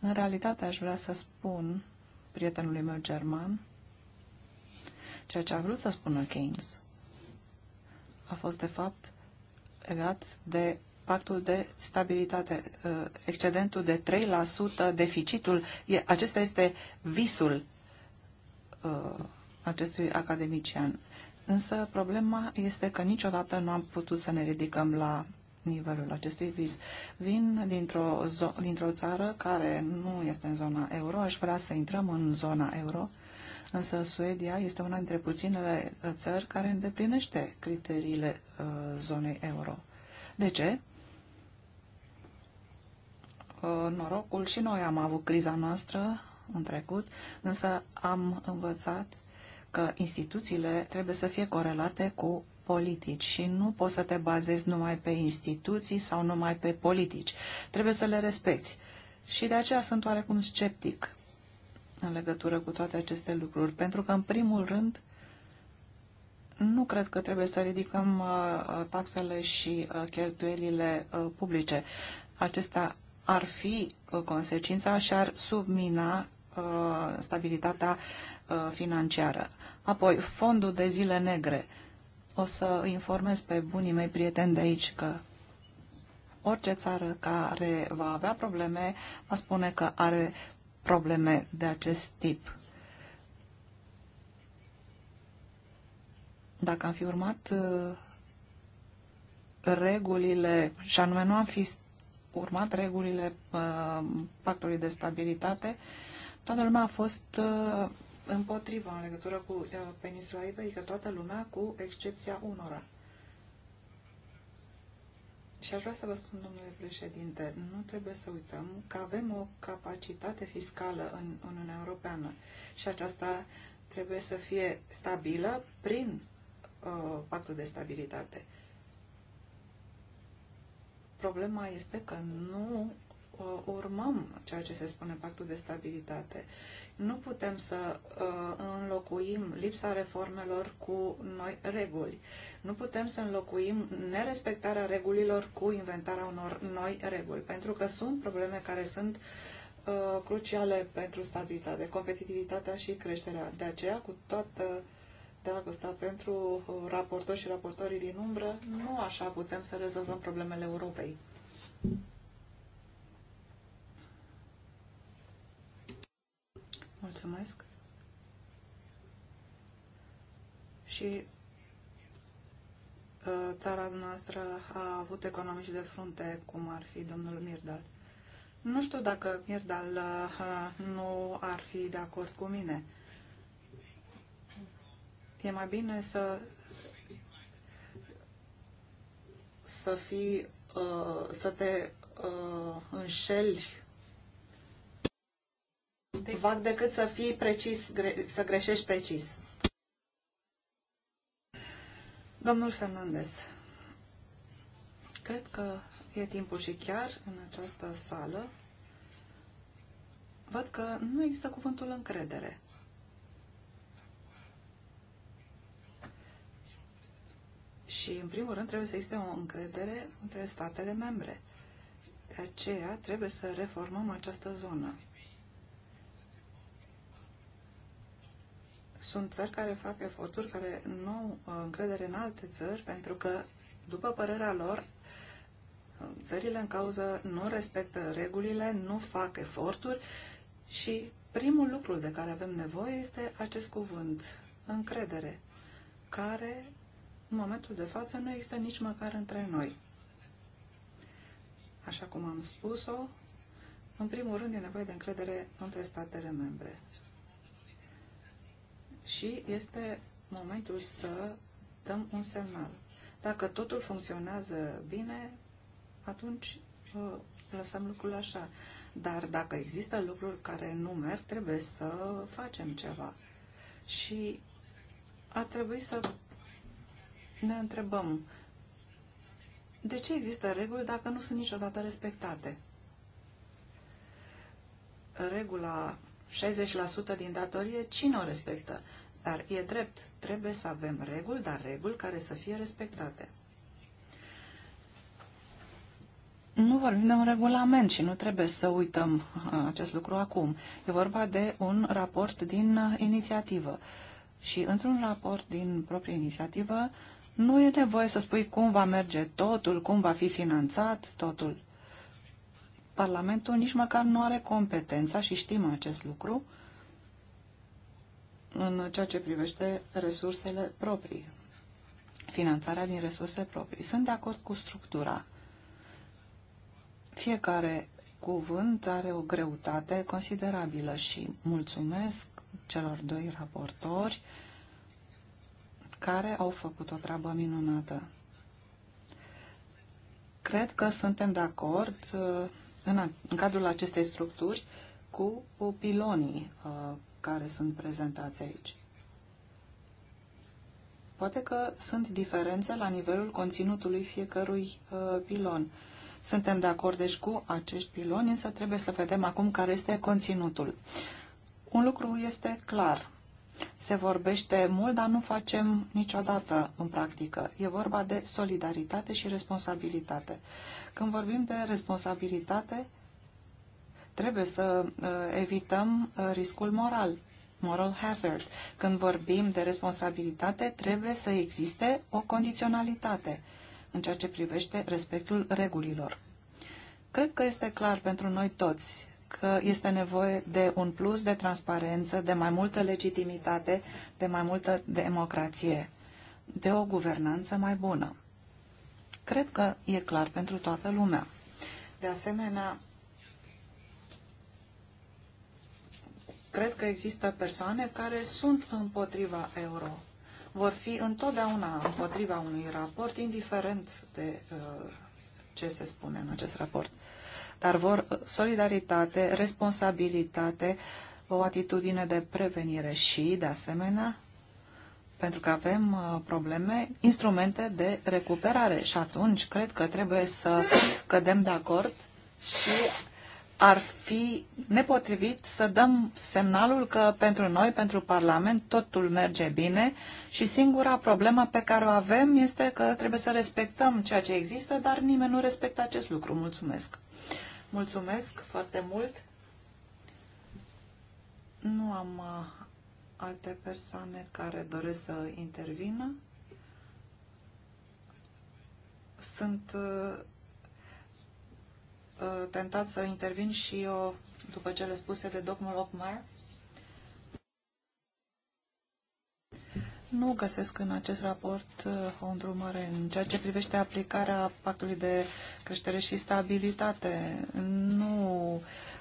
În realitate aș vrea să spun prietenului meu german Ceea ce a vrut să spună Keynes a fost, de fapt, legat de pactul de stabilitate, uh, excedentul de 3%, deficitul. Acesta este visul uh, acestui academician. Însă problema este că niciodată nu am putut să ne ridicăm la nivelul acestui vis. Vin dintr-o, dintr-o țară care nu este în zona euro, aș vrea să intrăm în zona euro însă Suedia este una dintre puținele uh, țări care îndeplinește criteriile uh, zonei euro. De ce? Uh, norocul și noi am avut criza noastră în trecut, însă am învățat că instituțiile trebuie să fie corelate cu politici și nu poți să te bazezi numai pe instituții sau numai pe politici. Trebuie să le respecti. Și de aceea sunt oarecum sceptic în legătură cu toate aceste lucruri. Pentru că, în primul rând, nu cred că trebuie să ridicăm uh, uh, taxele și uh, cheltuielile publice. Acestea ar fi consecința și ar submina stabilitatea financiară. Apoi, fondul de zile negre. O să informez pe bunii mei prieteni de aici că orice țară care va avea probleme va spune că are probleme de acest tip. Dacă am fi urmat uh, regulile, și anume nu am fi urmat regulile uh, pactului de stabilitate, toată lumea a fost uh, împotriva în legătură cu peninsula iberică, toată lumea cu excepția unora. Și aș vrea să vă spun, domnule președinte, nu trebuie să uităm că avem o capacitate fiscală în Uniunea Europeană și aceasta trebuie să fie stabilă prin uh, pactul de stabilitate. Problema este că nu urmăm ceea ce se spune pactul de stabilitate. Nu putem să uh, înlocuim lipsa reformelor cu noi reguli. Nu putem să înlocuim nerespectarea regulilor cu inventarea unor noi reguli, pentru că sunt probleme care sunt uh, cruciale pentru stabilitate, competitivitatea și creșterea. De aceea, cu toată dragostea pentru uh, raportori și raportorii din umbră, nu așa putem să rezolvăm problemele Europei. Mulțumesc. Și uh, țara noastră a avut economici de frunte, cum ar fi domnul Mirdal. Nu știu dacă Mirdal uh, nu ar fi de acord cu mine. E mai bine să să fii uh, să te înșeli privat decât să fii precis, gre, să greșești precis. Domnul Fernandez, cred că e timpul și chiar în această sală văd că nu există cuvântul încredere. Și, în primul rând, trebuie să existe o încredere între statele membre. De aceea, trebuie să reformăm această zonă. Sunt țări care fac eforturi, care nu au uh, încredere în alte țări, pentru că, după părerea lor, uh, țările în cauză nu respectă regulile, nu fac eforturi și primul lucru de care avem nevoie este acest cuvânt, încredere, care în momentul de față nu există nici măcar între noi. Așa cum am spus-o, în primul rând e nevoie de încredere între statele membre și este momentul să dăm un semnal. Dacă totul funcționează bine, atunci uh, lăsăm lucrul așa. Dar dacă există lucruri care nu merg, trebuie să facem ceva. Și ar trebui să ne întrebăm de ce există reguli dacă nu sunt niciodată respectate. Regula 60% din datorie, cine o respectă? Dar e drept, trebuie să avem reguli, dar reguli care să fie respectate. Nu vorbim de un regulament și nu trebuie să uităm uh, acest lucru acum. E vorba de un raport din uh, inițiativă. Și într-un raport din proprie inițiativă nu e nevoie să spui cum va merge totul, cum va fi finanțat totul. Parlamentul nici măcar nu are competența, și știm acest lucru, în ceea ce privește resursele proprii, finanțarea din resurse proprii. Sunt de acord cu structura. Fiecare cuvânt are o greutate considerabilă și mulțumesc celor doi raportori care au făcut o treabă minunată. Cred că suntem de acord în, în cadrul acestei structuri cu pilonii uh, care sunt prezentați aici. Poate că sunt diferențe la nivelul conținutului fiecărui uh, pilon. Suntem de acord deci cu acești piloni, însă trebuie să vedem acum care este conținutul. Un lucru este clar. Se vorbește mult, dar nu facem niciodată în practică. E vorba de solidaritate și responsabilitate. Când vorbim de responsabilitate, trebuie să uh, evităm uh, riscul moral, moral hazard. Când vorbim de responsabilitate, trebuie să existe o condiționalitate în ceea ce privește respectul regulilor. Cred că este clar pentru noi toți că este nevoie de un plus de transparență, de mai multă legitimitate, de mai multă democrație, de o guvernanță mai bună. Cred că e clar pentru toată lumea. De asemenea, cred că există persoane care sunt împotriva euro. Vor fi întotdeauna împotriva unui raport, indiferent de uh, ce se spune în acest raport dar vor solidaritate, responsabilitate, o atitudine de prevenire și, de asemenea, pentru că avem uh, probleme, instrumente de recuperare și atunci cred că trebuie să cădem de acord și ar fi nepotrivit să dăm semnalul că pentru noi, pentru Parlament, totul merge bine și singura problemă pe care o avem este că trebuie să respectăm ceea ce există, dar nimeni nu respectă acest lucru. Mulțumesc! Mulțumesc foarte mult. Nu am uh, alte persoane care doresc să intervină. Sunt uh, uh, tentat să intervin și eu după cele spuse de domnul Ockmeyer. Nu găsesc în acest raport uh, o îndrumare în ceea ce privește aplicarea pactului de creștere și stabilitate. Nu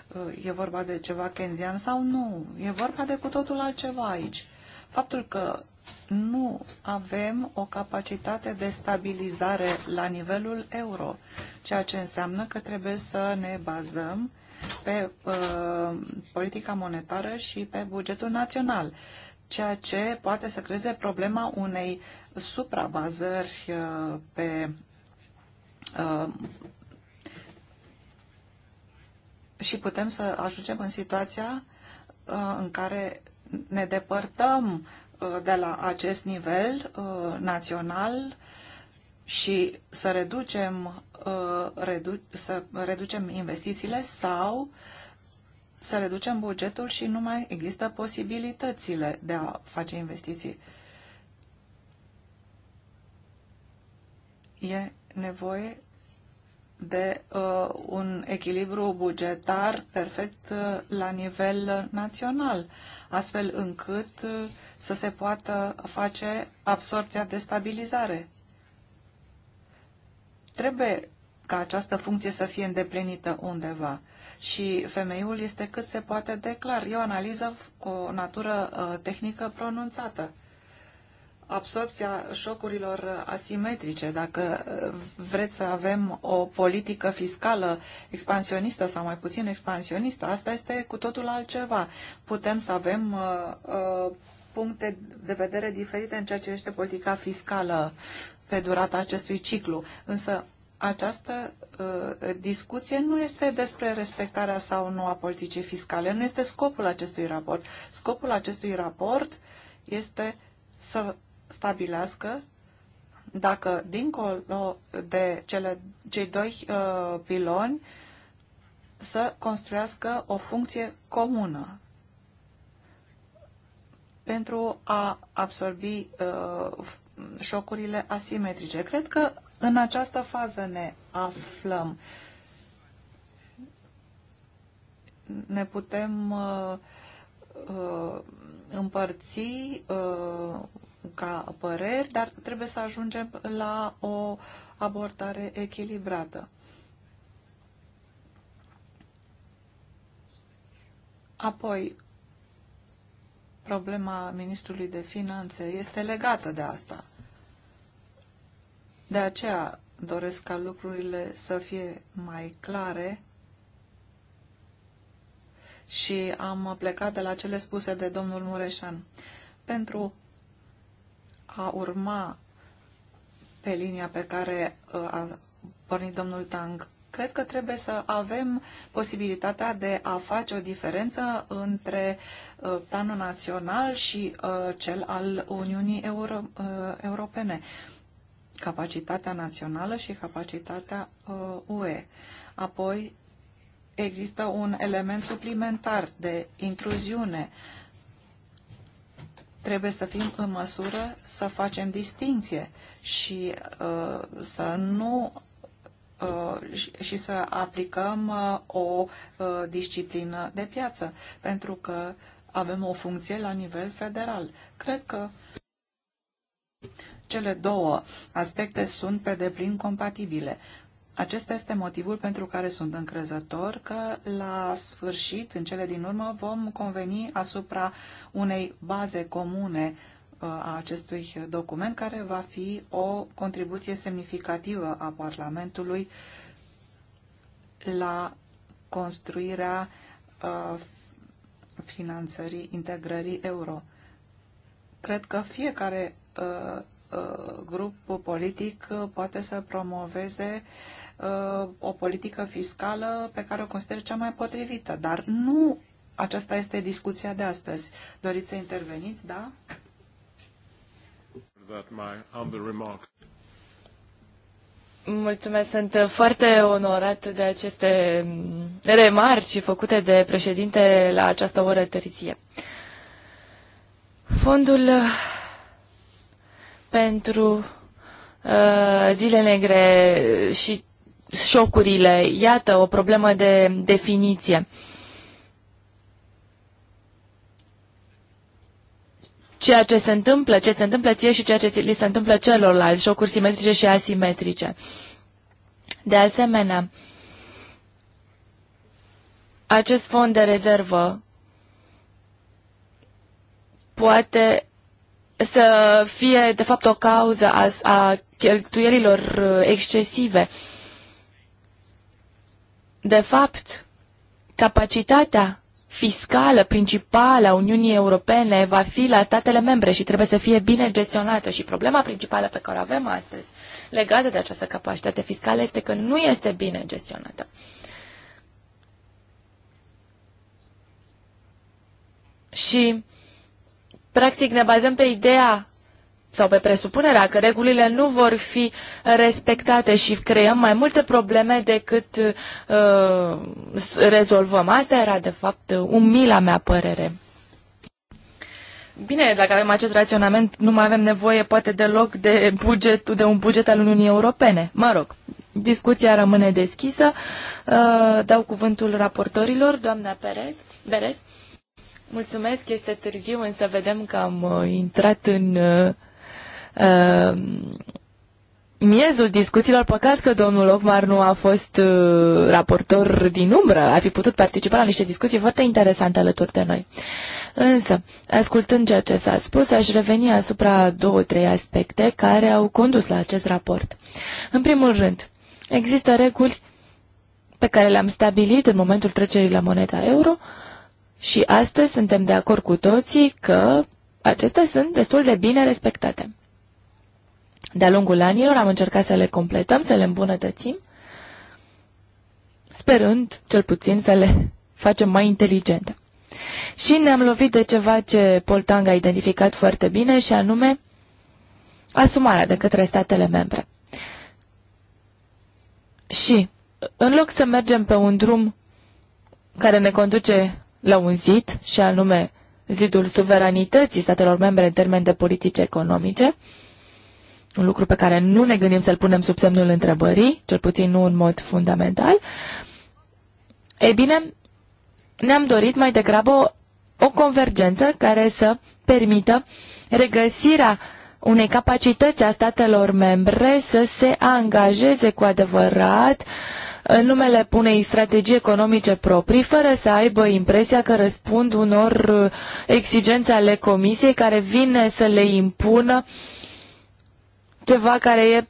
uh, e vorba de ceva kenzian sau nu. E vorba de cu totul altceva aici. Faptul că nu avem o capacitate de stabilizare la nivelul euro, ceea ce înseamnă că trebuie să ne bazăm pe uh, politica monetară și pe bugetul național. Uh, ceea ce poate să creeze problema unei suprabazări uh, pe uh, și putem să ajungem în situația uh, în care ne depărtăm de la acest nivel național și să reducem, să reducem investițiile sau să reducem bugetul și nu mai există posibilitățile de a face investiții. E nevoie de uh, un echilibru bugetar perfect uh, la nivel național, astfel încât uh, să se poată face absorpția de stabilizare. Trebuie ca această funcție să fie îndeplinită undeva. Și femeiul este cât se poate de clar. E o analiză cu o natură uh, tehnică pronunțată. Absorpția șocurilor asimetrice, dacă uh, vreți să avem o politică fiscală expansionistă sau mai puțin expansionistă, asta este cu totul altceva. Putem să avem uh, uh, puncte de vedere diferite în ceea ce este politica fiscală pe durata acestui ciclu. Însă această uh, discuție nu este despre respectarea sau nu a politicii fiscale, nu este scopul acestui raport. Scopul acestui raport este să stabilească dacă dincolo de cele, cei doi uh, piloni să construiască o funcție comună pentru a absorbi uh, șocurile asimetrice. Cred că în această fază ne aflăm. Ne putem uh, uh, împărți uh, ca păreri, dar trebuie să ajungem la o abordare echilibrată. Apoi, problema ministrului de finanțe este legată de asta. De aceea doresc ca lucrurile să fie mai clare și am plecat de la cele spuse de domnul Mureșan. Pentru a urma pe linia pe care uh, a pornit domnul Tang, cred că trebuie să avem posibilitatea de a face o diferență între uh, planul național și uh, cel al Uniunii Euro Europene capacitatea națională și capacitatea uh, UE. Apoi există un element suplimentar de intruziune. Trebuie să fim în măsură să facem distinție și uh, să nu uh, și să aplicăm uh, o uh, disciplină de piață, pentru că avem o funcție la nivel federal. Cred că cele două aspecte sunt pe deplin compatibile. Acesta este motivul pentru care sunt încrezător că la sfârșit, în cele din urmă, vom conveni asupra unei baze comune uh, a acestui document, care va fi o contribuție semnificativă a Parlamentului la construirea uh, finanțării integrării euro. Cred că fiecare uh, Uh, grup politic uh, poate să promoveze uh, o politică fiscală pe care o consider cea mai potrivită. Dar nu aceasta este discuția de astăzi. Doriți să interveniți, da? Mulțumesc, sunt foarte onorat de aceste mm, remarci făcute de președinte la această oră târzie. Fondul pentru uh, zile negre și șocurile. Iată, o problemă de definiție. Ceea ce se întâmplă, ce se întâmplă ție și ceea ce li se întâmplă celorlalți, șocuri simetrice și asimetrice. De asemenea, acest fond de rezervă poate să fie, de fapt, o cauză a, a cheltuielilor uh, excesive. De fapt, capacitatea fiscală principală a Uniunii Europene va fi la statele membre și trebuie să fie bine gestionată. Și problema principală pe care o avem astăzi legată de această capacitate fiscală este că nu este bine gestionată. Și practic ne bazăm pe ideea sau pe presupunerea că regulile nu vor fi respectate și creăm mai multe probleme decât uh, rezolvăm. Asta era, de fapt, umila mea părere. Bine, dacă avem acest raționament, nu mai avem nevoie poate deloc de, buget, de un buget al Uniunii Europene. Mă rog, discuția rămâne deschisă. Uh, dau cuvântul raportorilor, doamna Perez. Berez. Mulțumesc, este târziu, însă vedem că am uh, intrat în uh, um, miezul discuțiilor. Păcat că domnul Ocmar nu a fost uh, raportor din umbră. A fi putut participa la niște discuții foarte interesante alături de noi. Însă, ascultând ceea ce s-a spus, aș reveni asupra două-trei aspecte care au condus la acest raport. În primul rând, există reguli pe care le-am stabilit în momentul trecerii la moneda euro, uh, și astăzi suntem de acord cu toții că acestea sunt destul de bine respectate. De-a lungul anilor am încercat să le completăm, să le îmbunătățim, sperând cel puțin să le facem mai inteligente. Și ne-am lovit de ceva ce Poltang a identificat foarte bine și anume asumarea de către statele membre. Și în loc să mergem pe un drum care ne conduce la un zid, și anume zidul suveranității statelor membre în termeni de politici economice, un lucru pe care nu ne gândim să-l punem sub semnul întrebării, cel puțin nu în mod fundamental, ei bine, ne-am dorit mai degrabă o, o convergență care să permită regăsirea unei capacități a statelor membre să se angajeze cu adevărat uh, în numele unei strategii economice proprii, fără să aibă impresia că răspund unor uh, exigențe ale comisiei care vine să le impună ceva care e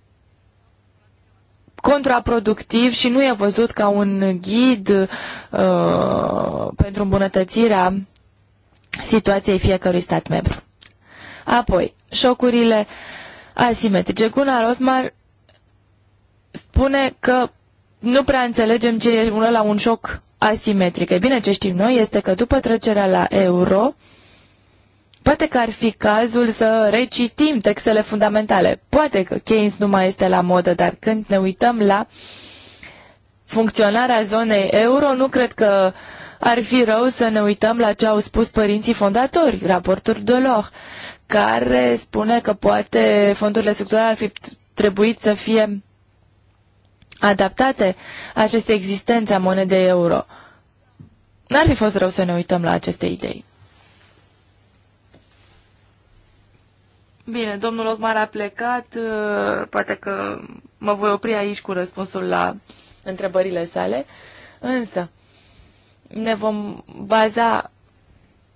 contraproductiv și nu e văzut ca un ghid uh, pentru îmbunătățirea situației fiecărui stat membru. Apoi, șocurile asimetrice. Gunnar Rotmar spune că nu prea înțelegem ce e la un șoc asimetric. E bine, ce știm noi este că după trecerea la euro, poate că ar fi cazul să recitim textele fundamentale. Poate că Keynes nu mai este la modă, dar când ne uităm la funcționarea zonei euro, nu cred că ar fi rău să ne uităm la ce au spus părinții fondatori, raportul Delors, care spune că poate fondurile structurale ar fi trebuit să fie adaptate aceste existențe a monedei euro. N-ar fi fost rău să ne uităm la aceste idei. Bine, domnul Ocmar a plecat, uh, poate că mă voi opri aici cu răspunsul la întrebările sale, însă ne vom baza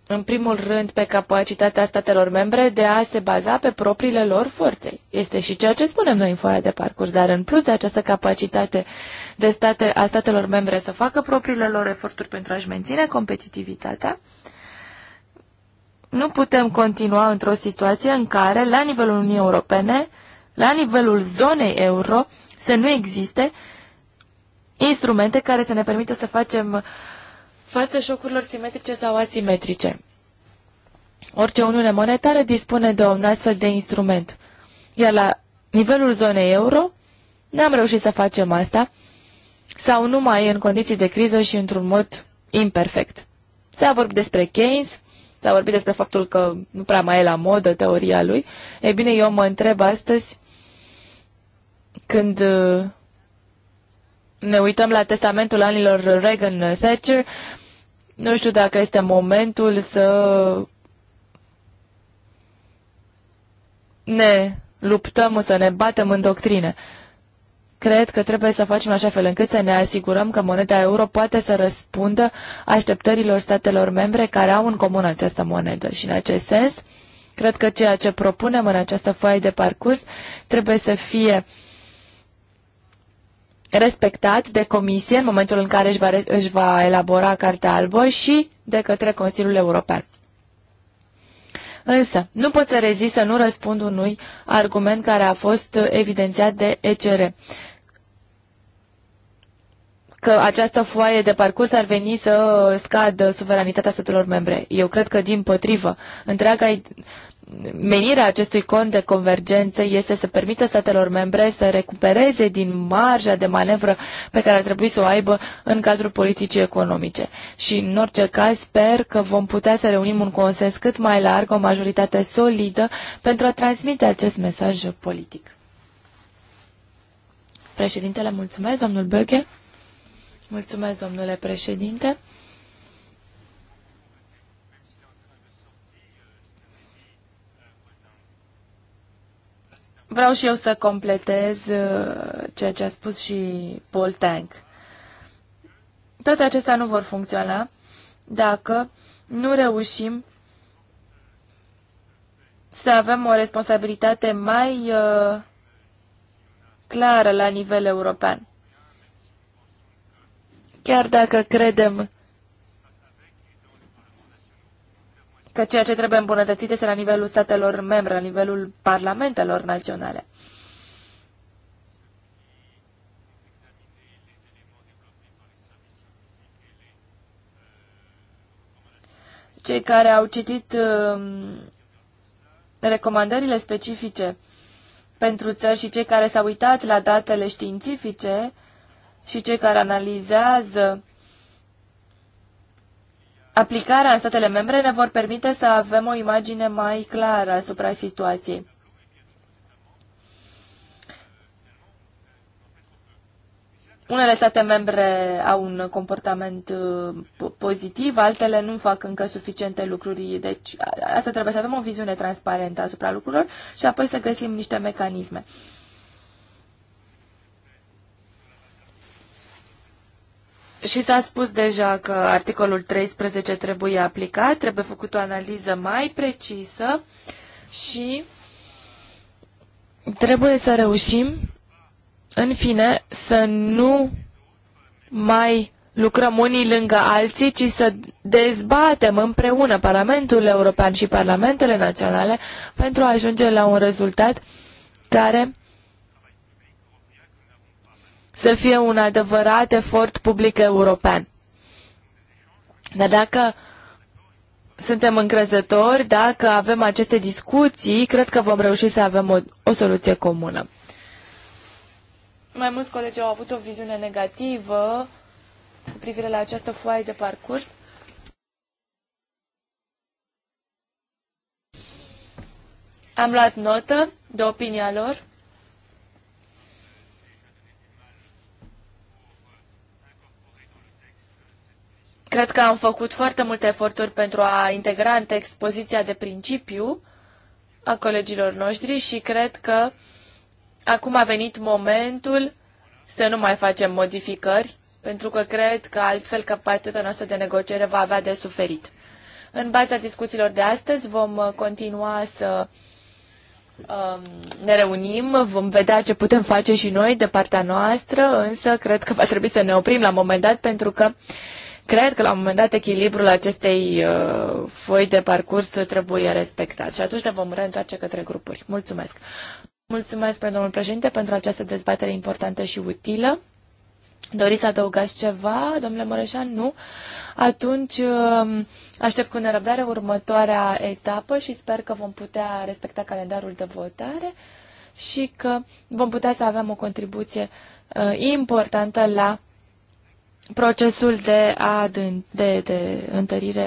în primul rând, pe capacitatea statelor membre de a se baza pe propriile lor forțe. Este și ceea ce spunem noi în foaia de parcurs, dar în plus de această capacitate de state, a statelor membre să facă propriile lor eforturi pentru a-și menține competitivitatea, nu putem continua într-o situație în care, la nivelul Uniunii Europene, la nivelul zonei euro, să nu existe instrumente care să ne permită să facem față șocurilor simetrice sau asimetrice. Orice uniune monetară dispune de un astfel de instrument, iar la nivelul zonei euro n-am reușit să facem asta sau numai în condiții de criză și într-un mod imperfect. S-a vorbit despre Keynes, s-a vorbit despre faptul că nu prea mai e la modă teoria lui. E bine, eu mă întreb astăzi când uh, ne uităm la testamentul anilor Reagan-Thatcher, nu știu dacă este momentul să ne luptăm, să ne batem în doctrine. Cred că trebuie să facem așa fel încât să ne asigurăm că moneda euro poate să răspundă așteptărilor statelor membre care au în comun această monedă. Și în acest sens, cred că ceea ce propunem în această foaie de parcurs trebuie să fie uh, respectat de comisie în momentul în care își va, își va elabora Cartea Albă și de către Consiliul European. Însă, nu pot să rezist să nu răspund unui argument care a fost evidențiat de ECR că această foaie de parcurs ar veni să scadă suveranitatea statelor membre. Eu cred că, din potrivă, întreaga menirea acestui cont de convergență este să permită statelor membre să recupereze din marja de manevră pe care ar trebui să o aibă în cadrul politicii economice. Și în orice caz sper că vom putea să reunim un consens cât mai larg, o majoritate solidă pentru a transmite acest mesaj politic. Președintele, mulțumesc, domnul Böge. Mulțumesc, domnule președinte. Vreau și eu să completez uh, ceea ce a spus și Paul Tank. Toate acestea nu vor funcționa dacă nu reușim să avem o responsabilitate mai uh, clară la nivel european. Chiar dacă credem că ceea ce trebuie îmbunătățit este la nivelul statelor membre, la nivelul parlamentelor naționale. Cei care au citit um, recomandările specifice pentru țări și cei care s-au uitat la datele științifice și cei care analizează aplicarea în statele membre ne vor permite să avem o imagine mai clară asupra situației. Unele state membre au un comportament uh, pozitiv, altele nu fac încă suficiente lucruri. Deci asta trebuie să avem o viziune transparentă asupra lucrurilor și apoi să găsim niște mecanisme. Și s-a spus deja că articolul 13 trebuie aplicat, trebuie făcut o analiză mai precisă și trebuie să reușim, în fine, să nu mai lucrăm unii lângă alții, ci să dezbatem împreună Parlamentul European și Parlamentele Naționale pentru a ajunge la un rezultat care să fie un adevărat efort public european. Dar dacă suntem încrezători, dacă avem aceste discuții, cred că vom reuși să avem o, o soluție comună. Mai mulți colegi au avut o viziune negativă cu privire la această foaie de parcurs. Am luat notă de opinia lor. Cred că am făcut foarte multe eforturi pentru a integra în text poziția de principiu a colegilor noștri și cred că acum a venit momentul să nu mai facem modificări, pentru că cred că altfel capacitatea noastră de negociere va avea de suferit. În baza discuțiilor de astăzi vom uh, continua să um, ne reunim, vom vedea ce putem face și noi de partea noastră, însă cred că va trebui să ne oprim la un moment dat pentru că Cred că la un moment dat echilibrul acestei uh, foi de parcurs trebuie respectat și atunci ne vom reîntoarce către grupuri. Mulțumesc! Mulțumesc pe domnul președinte pentru această dezbatere importantă și utilă. Doriți să adăugați ceva, domnule Mărășan? Nu? Atunci um, aștept cu nerăbdare următoarea etapă și sper că vom putea respecta calendarul de votare și că vom putea să avem o contribuție uh, importantă la procesul de, adân, de, de întărire